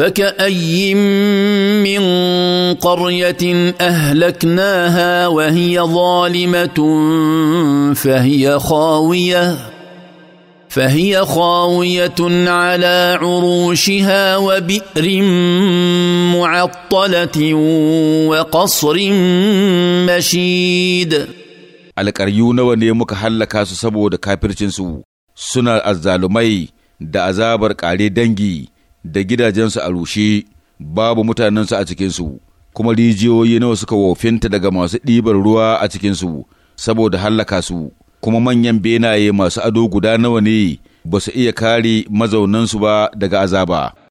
فكأي من قرية أهلكناها وهي ظالمة فهي خاوية فهي خاوية على عروشها وبئر معطلة وقصر مشيد الكريون ونيمك حلقا سبو دا كابرتشنسو سنة الظالمي دا أزابر كالي دنجي da gidajensu a rushe babu mutanensu a cikinsu kuma rijiyoyi nawa suka wofinta daga masu ɗibar ruwa a cikinsu saboda hallaka su kuma manyan benaye masu ado guda nawa ne ba su iya kare mazaunansu ba daga azaba.